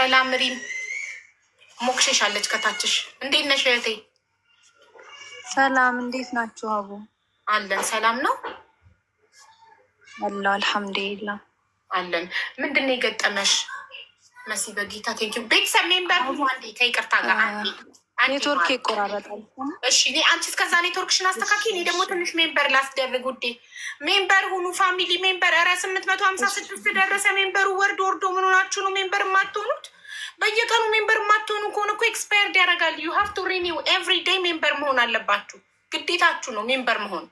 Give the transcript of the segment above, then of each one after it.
ሰላም ሪም ሞክሽሽ አለች ከታችሽ። እንዴት ነሽ እህቴ? ሰላም እንዴት ናችሁ? አቡ አለን። ሰላም ነው አላ አልሐምዱሊላ አለን። ምንድን ነው የገጠመሽ መሲ? በጌታ ቴንኪው ቤተሰብ ሜምበር ሁሉ አንዴ ከይቅርታ ጋር አንዴ ኔትወርክ ይቆራረጣል። እሺ አንቺ እስከዛ ኔትወርክሽን አስተካኪ። እኔ ደግሞ ትንሽ ሜምበር ላስደርግ። ውዴ ሜምበር ሁኑ ፋሚሊ ሜምበር። ኧረ ስምንት መቶ ሀምሳ ስድስት ደረሰ ሜምበሩ። ወርድ ወርዶ ምን ሆናችሁ ነው ሜምበር የማትሆኑት? በየቀኑ ሜምበር የማትሆኑ ከሆነ እኮ ኤክስፓየርድ ያደርጋል። ዩ ሀቭ ቱ ሪኒው ኤቭሪ ዴይ ሜምበር መሆን አለባችሁ። ግዴታችሁ ነው ሜምበር መሆን።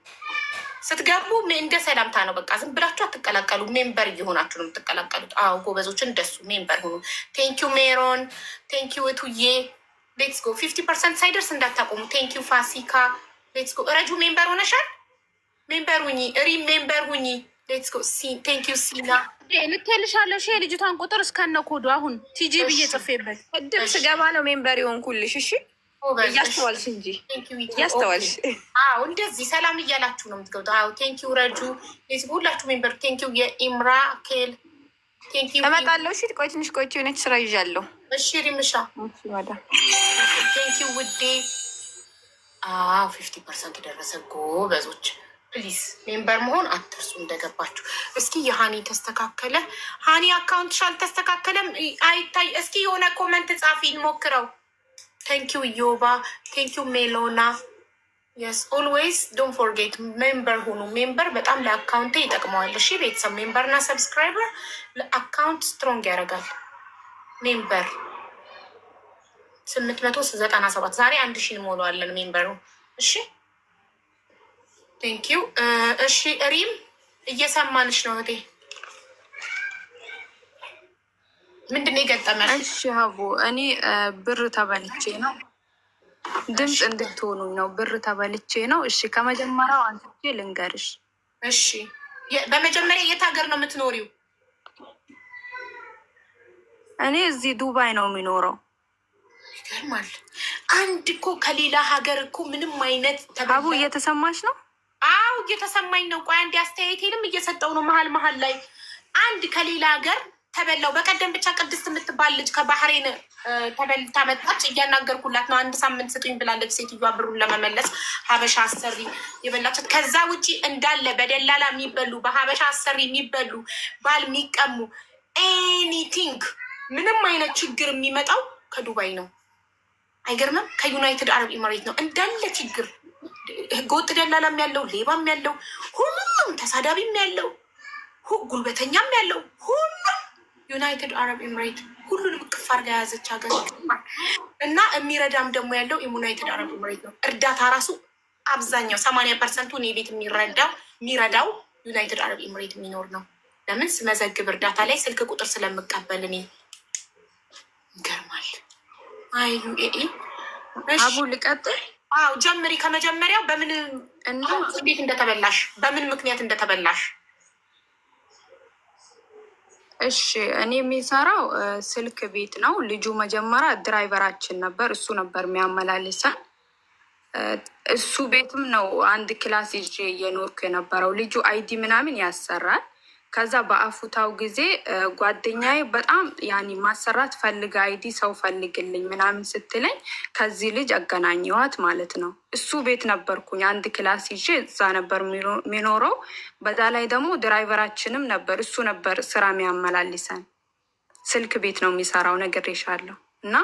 ስትገቡ እንደ ሰላምታ ነው። በቃ ዝም ብላችሁ አትቀላቀሉ። ሜምበር እየሆናችሁ ነው የምትቀላቀሉት። አዎ ጎበዞች፣ እንደሱ ሜምበር ሁኑ። ቴንኪዩ ሜሮን፣ ቴንኪዩ እቱዬ ሌትስ ጎ ፊፍቲ ፐርሰንት ሳይደርስ እንዳታቆሙ። ቴንክ ዩ ፋሲካ ሌትስ ጎ ረጁ ሜምበር ሆነሻል። ሜምበር ሁኚ፣ ሪ ሜምበር ሁኚ። ሌትስ ጎ ቴንክ ዩ ሲና ልኬልሻለሁ። የልጅቷን ቁጥር እስከነ ኮዱ አሁን ቲጂ ብዬ ጽፌበት ቅድም ስገባ ነው ሜምበር የሆንኩልሽ። እሺ እያስተዋልሽ እንጂ እያስተዋልሽ። አዎ እንደዚህ ሰላም እያላችሁ ነው የምትገቡት። አዎ ቴንክ ዩ ረጁ፣ ሁላችሁ ሜምበር ቴንክ ዩ የኢምራኬል እመጣለሁ። እሺ ቆይ ትንሽ ቆይቼ የሆነች ስራ ይዣለሁ። እሺ ሪምሻ ቴንኪው ውዴ። ፊፍቲ ፐርሰንት የደረሰ ጎበዞች፣ ፕሊዝ ሜምበር መሆን አትርሱ እንደገባችሁ። እስኪ የሀኒ ተስተካከለ፣ ሀኒ አካውንትሽ አልተስተካከለም አይታይ። እስኪ የሆነ ኮመንት ጻፊ፣ እንሞክረው። ቴንኪው ዮባ፣ ቴንኪው ሜሎና የስ ኦልዌይስ ዶንት ፎርጌት ሜምበር ሁኑ። ሜምበር በጣም ለአካውንቴ ይጠቅመዋል። እሺ ቤተሰብ እና ሰብስክራይበር ለአካውንት ስትሮንግ ያደርጋል። ሜምበር ስምንት መቶ ዘጠና ሰባት ዛሬ አንድ ሺ እንሞላዋለን ሜምበሩ። እሺ ቴንክ ዩ። እሺ ሪም እየሰማንሽ ነው እህቴ። ምንድን ነው የገጠመሽ? እሺ ሀቡ እኔ ብር ተበልቼ ነው ድምፅ እንድትሆኑኝ ነው። ብር ተበልቼ ነው። እሺ፣ ከመጀመሪያው አንስቼ ልንገርሽ። እሺ፣ በመጀመሪያ የት ሀገር ነው የምትኖሪው? እኔ እዚህ ዱባይ ነው የሚኖረው። ይገርማል። አንድ እኮ ከሌላ ሀገር እኮ ምንም አይነት አቡ እየተሰማች ነው። አዎ እየተሰማኝ ነው። ቆይ አንድ አስተያየቴንም እየሰጠው ነው መሀል መሀል ላይ አንድ ከሌላ ሀገር ተበላው። በቀደም ብቻ ቅድስት የምትባል ልጅ ከባህሬን ተበልታ መጣች። እያናገርኩላት ነው። አንድ ሳምንት ስጡኝ ብላለች ሴትዮዋ ብሩን ለመመለስ ሀበሻ አሰሪ የበላቸው። ከዛ ውጪ እንዳለ በደላላ የሚበሉ በሀበሻ አሰሪ የሚበሉ ባል የሚቀሙ ኤኒቲንግ፣ ምንም አይነት ችግር የሚመጣው ከዱባይ ነው። አይገርምም? ከዩናይትድ አረብ ኢማሬት ነው እንዳለ ችግር። ህገወጥ ደላላም ያለው ሌባም ያለው ሁሉም ተሳዳቢም ያለው ጉልበተኛም ያለው ሁሉም ዩናይትድ አረብ ኢማሬት ሁሉንም ቅፍ አርጋ የያዘች ሀገር እና የሚረዳም ደግሞ ያለው የዩናይትድ አረብ ኤምሬት ነው። እርዳታ ራሱ አብዛኛው ሰማንያ ፐርሰንቱ እኔ ቤት የሚረዳው የሚረዳው ዩናይትድ አረብ ኤምሬት የሚኖር ነው። ለምን ስመዘግብ እርዳታ ላይ ስልክ ቁጥር ስለምቀበል እኔ ይገርማል። አይ ዩኤኢ አቡ ልቀጥል። አዎ ጀምሪ ከመጀመሪያው በምን እንዴት እንደተበላሽ በምን ምክንያት እንደተበላሽ እሺ እኔ የሚሰራው ስልክ ቤት ነው። ልጁ መጀመሪያ ድራይቨራችን ነበር፣ እሱ ነበር የሚያመላልሰን። እሱ ቤትም ነው አንድ ክላስ ይዤ እየኖርኩ የነበረው። ልጁ አይዲ ምናምን ያሰራል። ከዛ በአፉታው ጊዜ ጓደኛዬ በጣም ያኒ ማሰራት ፈልገ አይዲ ሰው ፈልግልኝ ምናምን ስትለኝ ከዚህ ልጅ አገናኘዋት ማለት ነው። እሱ ቤት ነበርኩኝ አንድ ክላስ ይዤ እዛ ነበር የሚኖረው። በዛ ላይ ደግሞ ድራይቨራችንም ነበር እሱ ነበር ስራ የሚያመላልሰን። ስልክ ቤት ነው የሚሰራው ነግሬሻለሁ እና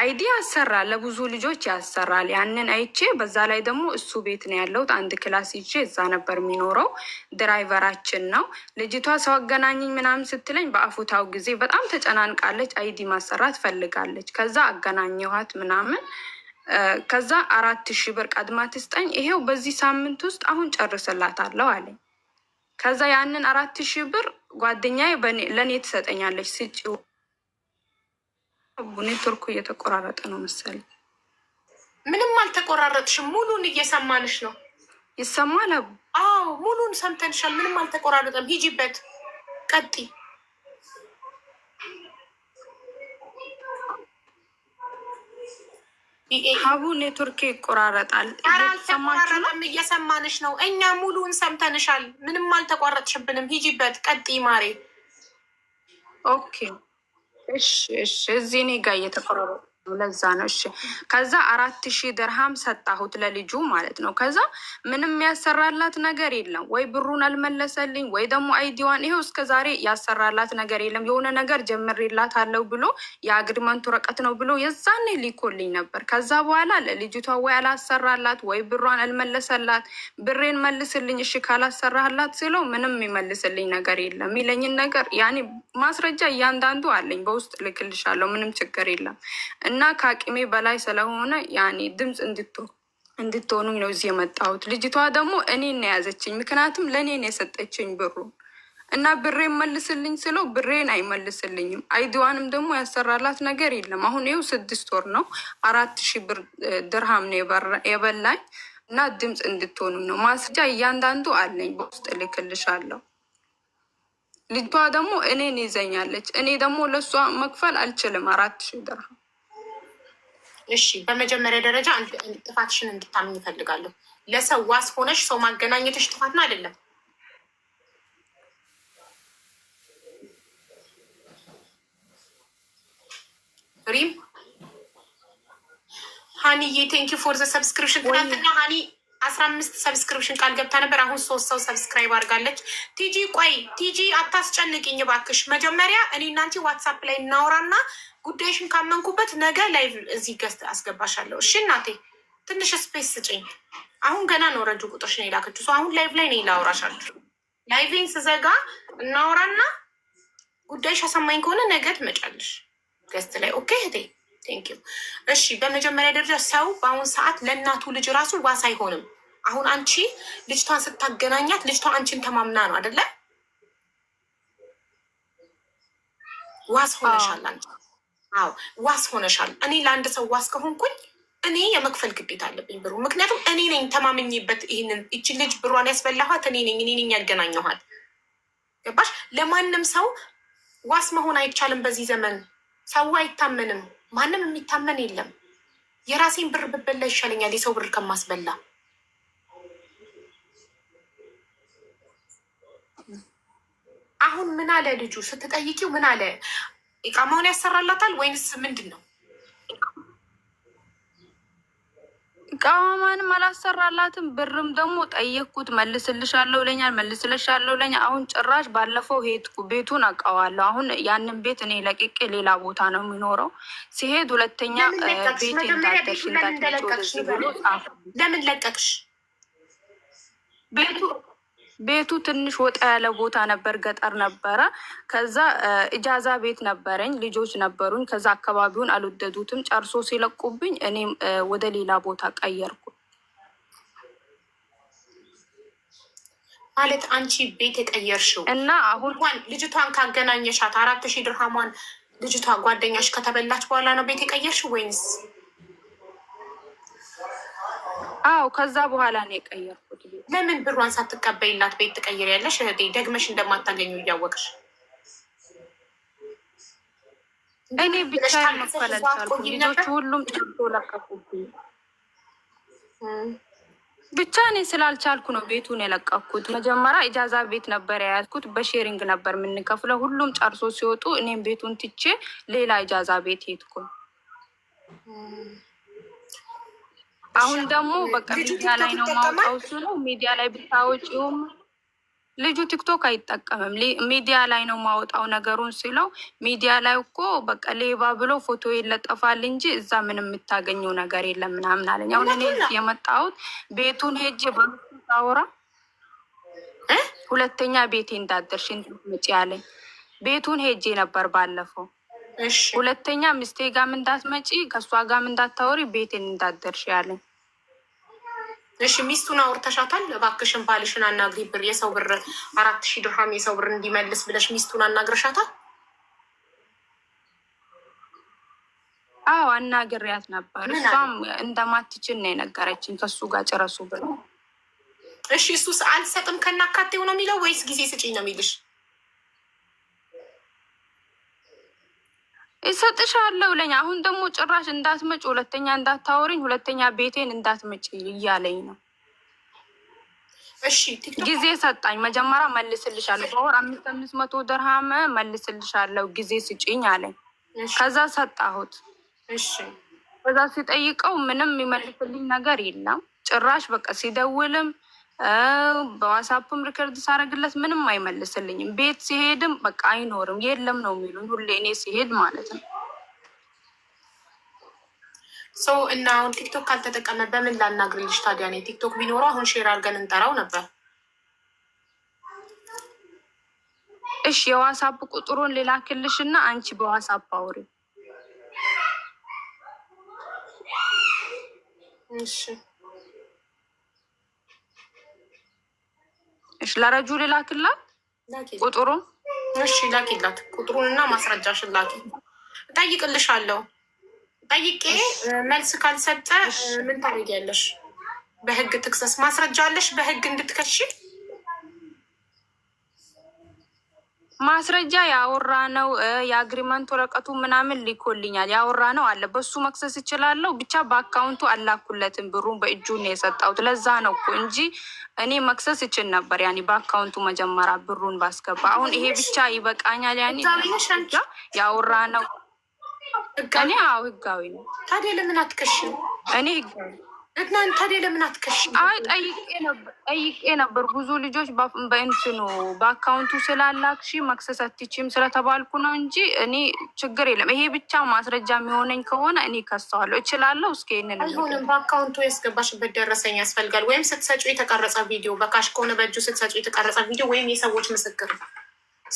አይዲ ያሰራል፣ ለብዙ ልጆች ያሰራል። ያንን አይቼ በዛ ላይ ደግሞ እሱ ቤት ነው ያለሁት። አንድ ክላስ ይዤ እዛ ነበር የሚኖረው። ድራይቨራችን ነው። ልጅቷ ሰው አገናኘኝ ምናምን ስትለኝ በአፉታው ጊዜ በጣም ተጨናንቃለች። አይዲ ማሰራት ፈልጋለች። ከዛ አገናኘኋት ምናምን ከዛ አራት ሺ ብር ቀድማ ትስጠኝ፣ ይሄው በዚህ ሳምንት ውስጥ አሁን ጨርስላታለሁ አለኝ። ከዛ ያንን አራት ሺ ብር ጓደኛዬ ለእኔ ትሰጠኛለች ስጭ ኔትወርኩ እየተቆራረጠ ነው መሰለኝ። ምንም አልተቆራረጥሽም፣ ሙሉን እየሰማንሽ ነው። ይሰማል? አዎ ሙሉን ሰምተንሻል። ምንም አልተቆራረጠም። ሂጂበት፣ ቀጢ ሀቡ ኔትወርክ ይቆራረጣል። አልተቆራረጠም፣ እየሰማንሽ ነው። እኛ ሙሉን ሰምተንሻል። ምንም አልተቋረጥሽብንም። ሂጂበት፣ ቀጢ ማሬ። ኦኬ እዚህ እኔ ጋር እየተቆረረ ለዛ ነው። እሺ ከዛ አራት ሺህ ድርሃም ሰጣሁት ለልጁ ማለት ነው። ከዛ ምንም ያሰራላት ነገር የለም ወይ ብሩን አልመለሰልኝ ወይ ደግሞ አይዲዋን ይሄው እስከ ዛሬ ያሰራላት ነገር የለም። የሆነ ነገር ጀምሬላት አለው ብሎ የአግሪመንቱ ወረቀት ነው ብሎ የዛኔ ሊኮልኝ ነበር። ከዛ በኋላ ለልጅቷ ወይ አላሰራላት ወይ ብሯን አልመለሰላት። ብሬን መልስልኝ እሺ ካላሰራላት ስለው ምንም የሚመልስልኝ ነገር የለም። ይለኝን ነገር ያኔ ማስረጃ እያንዳንዱ አለኝ። በውስጥ ልክልሻለሁ። ምንም ችግር የለም። እና ከአቅሜ በላይ ስለሆነ ያኔ ድምፅ እንድትሆኑኝ ነው እዚህ የመጣሁት። ልጅቷ ደግሞ እኔን ነው የያዘችኝ። ምክንያቱም ነው የሰጠችኝ ብሩ እና ብሬን መልስልኝ ስለው ብሬን አይመልስልኝም። አይዲዋንም ደግሞ ያሰራላት ነገር የለም። አሁን ይኸው ስድስት ወር ነው። አራት ሺህ ብር ድርሃም ነው የበላኝ። እና ድምፅ እንድትሆኑ ነው ማስረጃ እያንዳንዱ አለኝ። በውስጥ ልክልሻለሁ። ልጅቷ ደግሞ እኔን ይዘኛለች። እኔ ደግሞ ለእሷ መክፈል አልችልም። አራት ሺ ድርሃም። እሺ፣ በመጀመሪያ ደረጃ ጥፋትሽን እንድታምኝ ይፈልጋለሁ። ለሰው ዋስ ሆነሽ ሰው ማገናኘትሽ ጥፋት ነው አይደለም? ሪም ሀኒዬ፣ ቴንኪ ፎር ዘ ሰብስክሪፕሽን። ትናንትና ሀኒ አስራ አምስት ሰብስክሪፕሽን ቃል ገብታ ነበር። አሁን ሶስት ሰው ሰብስክራይብ አድርጋለች። ቲጂ ቆይ ቲጂ አታስጨንቅኝ ባክሽ። መጀመሪያ እኔ እናንቺ ዋትሳፕ ላይ እናውራና ጉዳይሽን ካመንኩበት ነገ ላይ እዚህ ገዝት አስገባሻለሁ። እሺ እናቴ ትንሽ ስፔስ ስጭኝ። አሁን ገና ነው ረጁ ቁጥርሽ ነው የላከችው። አሁን ላይቭ ላይ ነው ላውራሻለሁ። ላይቬን ስዘጋ እናውራና ጉዳይሽ አሳማኝ ከሆነ ነገ ትመጫለሽ ገዝት ላይ ኦኬ እህቴ። ቴንክ ዩ። እሺ በመጀመሪያ ደረጃ ሰው በአሁን ሰዓት ለእናቱ ልጅ ራሱ ዋስ አይሆንም። አሁን አንቺ ልጅቷን ስታገናኛት ልጅቷ አንቺን ተማምና ነው አደለ? ዋስ ሆነሻል አንቺ። አዎ ዋስ ሆነሻል። እኔ ለአንድ ሰው ዋስ ከሆንኩኝ እኔ የመክፈል ግዴታ አለብኝ ብሩ። ምክንያቱም እኔ ነኝ ተማምኝበት ይህንን እቺ ልጅ ብሯን ያስበላኋት እኔ ነኝ፣ እኔ ነኝ ያገናኘኋት። ገባሽ? ለማንም ሰው ዋስ መሆን አይቻልም። በዚህ ዘመን ሰው አይታመንም። ማንም የሚታመን የለም። የራሴን ብር ብበላ ይሻለኛል የሰው ብር ከማስበላ። አሁን ምን አለ ልጁ ስትጠይቂው፣ ምን አለ? እቃማውን ያሰራላታል ወይንስ ምንድን ነው? ቃማንም አላሰራላትም። ብርም ደግሞ ጠየቅኩት፣ መልስልሻለሁ ለኛል መልስልሻለሁ ለኛ። አሁን ጭራሽ ባለፈው ሄድኩ፣ ቤቱን አውቀዋለሁ። አሁን ያንን ቤት እኔ ለቅቄ ሌላ ቦታ ነው የሚኖረው። ሲሄድ ሁለተኛ ቤት ለምን ለቀቅሽ? ቤቱ ቤቱ ትንሽ ወጣ ያለ ቦታ ነበር፣ ገጠር ነበረ። ከዛ እጃዛ ቤት ነበረኝ፣ ልጆች ነበሩኝ። ከዛ አካባቢውን አልወደዱትም። ጨርሶ ሲለቁብኝ እኔም ወደ ሌላ ቦታ ቀየርኩ። ማለት አንቺ ቤት የቀየርሽው እና አሁን ልጅቷን ካገናኘሻት አራት ሺህ ድርሃሟን ልጅቷ ጓደኛሽ ከተበላች በኋላ ነው ቤት የቀየርሽው ወይንስ አዎ ከዛ በኋላ ነው የቀየርኩት። ቤት ለምን ብሯን ሳትቀበይላት ቤት ያለሽ እህቴ ደግመሽ እንደማታገኙ እያወቅሽ እኔ ብቻ ልጆች ሁሉም ጨርሶ ለቀቁብኝ። ብቻ እኔ ስላልቻልኩ ነው ቤቱን የለቀኩት። መጀመሪያ ኢጃዛ ቤት ነበር የያዝኩት፣ በሼሪንግ ነበር የምንከፍለው። ሁሉም ጨርሶ ሲወጡ እኔም ቤቱን ትቼ ሌላ ኢጃዛ ቤት ሄድኩ። አሁን ደግሞ በቃ ሚዲያ ላይ ነው ማውጣው እሱ ነው ሚዲያ ላይ ብታወጪውም ልጁ ቲክቶክ አይጠቀምም። ሚዲያ ላይ ነው ማውጣው ነገሩን ሲለው ሚዲያ ላይ እኮ በቃ ሌባ ብሎ ፎቶ ይለጠፋል እንጂ እዛ ምንም የምታገኘው ነገር የለም ምናምን አለኝ። አሁን እኔ የመጣሁት ቤቱን ሄጄ በአውራ ሁለተኛ ቤቴ እንዳደርሽ መጪ አለኝ። ቤቱን ሄጄ ነበር ባለፈው ሁለተኛ ሚስቴ ጋም እንዳትመጪ ከእሷ ጋም እንዳታወሪ ቤቴን እንዳትደርሽ ያለኝ። እሺ ሚስቱን አውርተሻታል? እባክሽን ባልሽን አናግሪ፣ ብር የሰው ብር አራት ሺህ ድርሃም የሰው ብር እንዲመልስ ብለሽ ሚስቱን አናግረሻታል? አዎ አናግሪያት ነበር። እሷም እንደማትችል ነው የነገረችን። ከሱ ጋር ጭረሱ ብር። እሺ እሱስ አልሰጥም ከናካቴው ነው የሚለው ወይስ ጊዜ ስጪኝ ነው የሚልሽ? እሰጥሻለሁ ለኝ። አሁን ደግሞ ጭራሽ እንዳትመጭ፣ ሁለተኛ እንዳታወሪኝ፣ ሁለተኛ ቤቴን እንዳትመጭ እያለኝ ነው። ጊዜ ሰጣኝ። መጀመሪያ መልስልሻለሁ፣ በወር አምስት አምስት መቶ ድርሃም መልስልሻለሁ፣ ጊዜ ስጭኝ አለኝ። ከዛ ሰጣሁት። ከዛ ሲጠይቀው ምንም የሚመልስልኝ ነገር የለም። ጭራሽ በቃ ሲደውልም በዋትሳፕም ሪከርድ ሳረግለት ምንም አይመልስልኝም። ቤት ሲሄድም በቃ አይኖርም የለም ነው የሚሉኝ ሁሌ እኔ ሲሄድ ማለት ነው። ሰው እና አሁን ቲክቶክ ካልተጠቀመ በምን ላናግርልሽ ታዲያ? እኔ ቲክቶክ ቢኖረው አሁን ሼር አድርገን እንጠራው ነበር። እሺ የዋሳፕ ቁጥሩን ክልሽ እና አንቺ በዋሳፕ አውሪ። እሺ። እሺ ለረጁ ልላክላት ቁጥሩን። እሺ ላኪላት ቁጥሩንና ማስረጃሽን ላኪ። እጠይቅልሻለሁ። ጠይቄ መልስ ካልሰጠ ምን ታደርጊያለሽ? በህግ ትክሰስ። ማስረጃ አለሽ በህግ እንድትከሺ ማስረጃ ያወራ ነው የአግሪመንት ወረቀቱ ምናምን ሊኮልኛል ያወራ ነው አለ። በሱ መክሰስ እችላለሁ። ብቻ በአካውንቱ አላኩለትም ብሩን በእጁ ነው የሰጠሁት። ለዛ ነው እኮ እንጂ እኔ መክሰስ ይችል ነበር። ያኔ በአካውንቱ መጀመሪያ ብሩን ባስገባ። አሁን ይሄ ብቻ ይበቃኛል። ያኔ ያወራ ነው። እኔ ህጋዊ ነው። ታዲያ ለምን አትከሽም? እኔ ህጋዊ እናንተ ታዲያ ለምን አትከሽ? አይ ጠይቄ ነበር። ብዙ ልጆች በእንትኑ በአካውንቱ ስላላክሽ መክሰስ አትችም ስለተባልኩ ነው እንጂ እኔ ችግር የለም። ይሄ ብቻ ማስረጃ የሚሆነኝ ከሆነ እኔ ከሰዋለሁ እችላለሁ። እስኪ ይህንን አይሆንም። በአካውንቱ ያስገባሽበት ደረሰኝ ያስፈልጋል። ወይም ስትሰጪው የተቀረጸ ቪዲዮ፣ በካሽ ከሆነ በእጁ ስትሰጪው የተቀረጸ ቪዲዮ ወይም የሰዎች ምስክር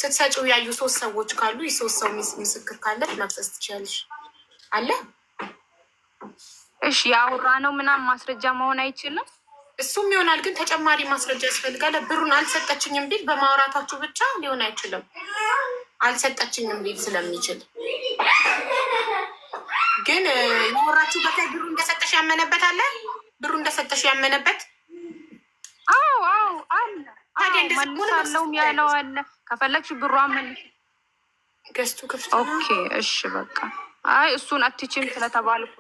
ስትሰጪው ያዩ ሶስት ሰዎች ካሉ የሶስት ሰው ምስክር ካለ መክሰስ ትችላለሽ አለ እሺ ያውራ ነው ምናምን ማስረጃ መሆን አይችልም። እሱም ይሆናል ግን ተጨማሪ ማስረጃ ያስፈልጋል። ብሩን አልሰጠችኝም ቢል በማውራታችሁ ብቻ ሊሆን አይችልም። አልሰጠችኝም ቢል ስለሚችል ግን ያወራችሁ በተ ብሩ እንደሰጠሽ ያመነበት አለ። ብሩ እንደሰጠሽ ያመነበት አዎ፣ አዎ አለ። ያለው አለ። ከፈለግሽ ብሩ መልስ ገዝቱ ክፍት። ኦኬ እሺ በቃ አይ እሱን አትችም ስለተባልኩ፣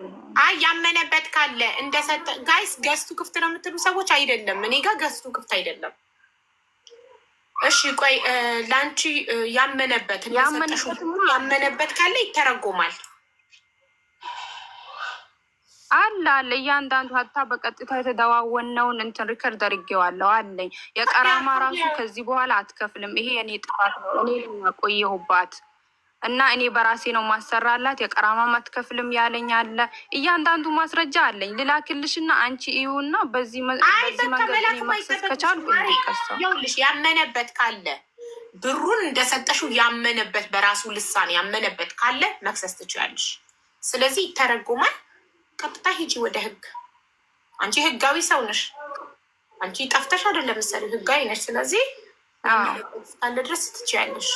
አይ ያመነበት ካለ እንደሰጠ። ጋይስ ገዝቱ ክፍት ነው የምትሉ ሰዎች አይደለም፣ እኔ ጋር ገዝቱ ክፍት አይደለም። እሺ ቆይ ለአንቺ ያመነበት ያመነበት ካለ ይተረጎማል አለ አለ እያንዳንዱ ሀታ በቀጥታ የተደዋወነውን እንትን ሪከርድ አድርጌዋለሁ አለኝ። የቀራማ ራሱ ከዚህ በኋላ አትከፍልም። ይሄ የኔ ጥፋት ነው። እኔ ቆየሁባት እና እኔ በራሴ ነው ማሰራላት የቀራማ ማትከፍልም ያለኝ አለ። እያንዳንዱ ማስረጃ አለኝ። ልላክልሽና አንቺ ይሁና በዚህ መንገድከቻልሁልሽ ያመነበት ካለ ብሩን እንደሰጠሽው ያመነበት በራሱ ልሳን ያመነበት ካለ መክሰስ ትችላለሽ። ስለዚህ ተረጉማል። ቀጥታ ሂጂ ወደ ህግ። አንቺ ህጋዊ ሰው ነሽ። አንቺ ጠፍተሽ አይደለም ህጋዊ ነሽ። ስለዚህ ካለ ድረስ ትችያለሽ።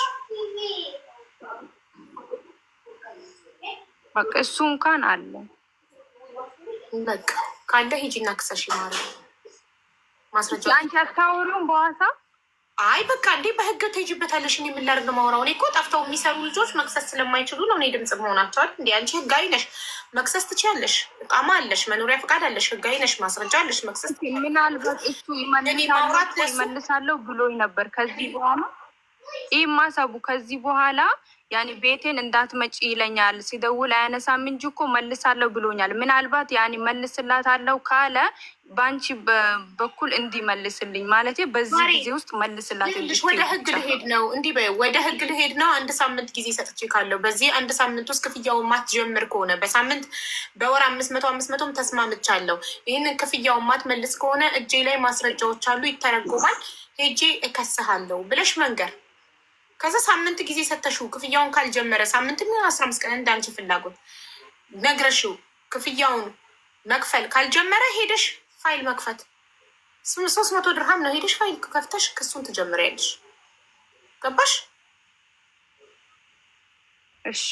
በቃ እሱ እንኳን አለ። በቃ ካለ ሂጂና ክሰሽ ይማራል። ማስረጃ አንቺ አታወሩም በዋሳ አይ በቃ እንዴ በህግ ትሄጂበታለሽ። እኔ ማውራው እኔ እኮ ጠፍተው የሚሰሩ ልጆች መክሰስ ስለማይችሉ ነው እኔ ድምፅ መሆናቸዋል። እንዲ አንቺ ህጋዊ ነሽ፣ መክሰስ ትችያለሽ። እቃማ አለሽ፣ መኖሪያ ፈቃድ አለሽ፣ ህጋዊ ነሽ፣ ማስረጃ አለሽ። መክሰስ ምናልባት እሱ ይመልሳለሁ ብሎኝ ነበር። ከዚህ በኋላ ይህ ማሰቡ ከዚህ በኋላ ያኔ ቤቴን እንዳትመጪ ይለኛል። ሲደውል አያነሳም እንጂ እኮ መልሳለሁ ብሎኛል። ምናልባት ያኔ መልስላታለሁ ካለ በአንቺ በኩል እንዲመልስልኝ ማለት በዚህ ጊዜ ውስጥ መልስላት። ወደ ህግ ልሄድ ነው እንዲህ በይው። ወደ ህግ ልሄድ ነው። አንድ ሳምንት ጊዜ ሰጥቼ ካለው በዚህ አንድ ሳምንት ውስጥ ክፍያውን ማትጀምር ከሆነ በሳምንት በወር አምስት መቶ አምስት መቶም ተስማምቻለሁ። ይህንን ክፍያውን ማትመልስ ከሆነ እጄ ላይ ማስረጃዎች አሉ፣ ይተረጎማል፣ ሄጄ እከስሃለሁ ብለሽ መንገር ከዛ ሳምንት ጊዜ ሰተሽው ክፍያውን ካልጀመረ ሳምንት ሚሆን አስራ አምስት ቀን እንዳንቺ ፍላጎት ነግረሽው ክፍያውን መክፈል ካልጀመረ ሄደሽ ፋይል መክፈት ሶስት መቶ ድርሃም ነው። ሄደሽ ፋይል ከፍተሽ ክሱን ትጀምሪያለሽ። ገባሽ? እሺ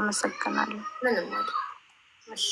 አመሰግናለሁ። ምንም እሺ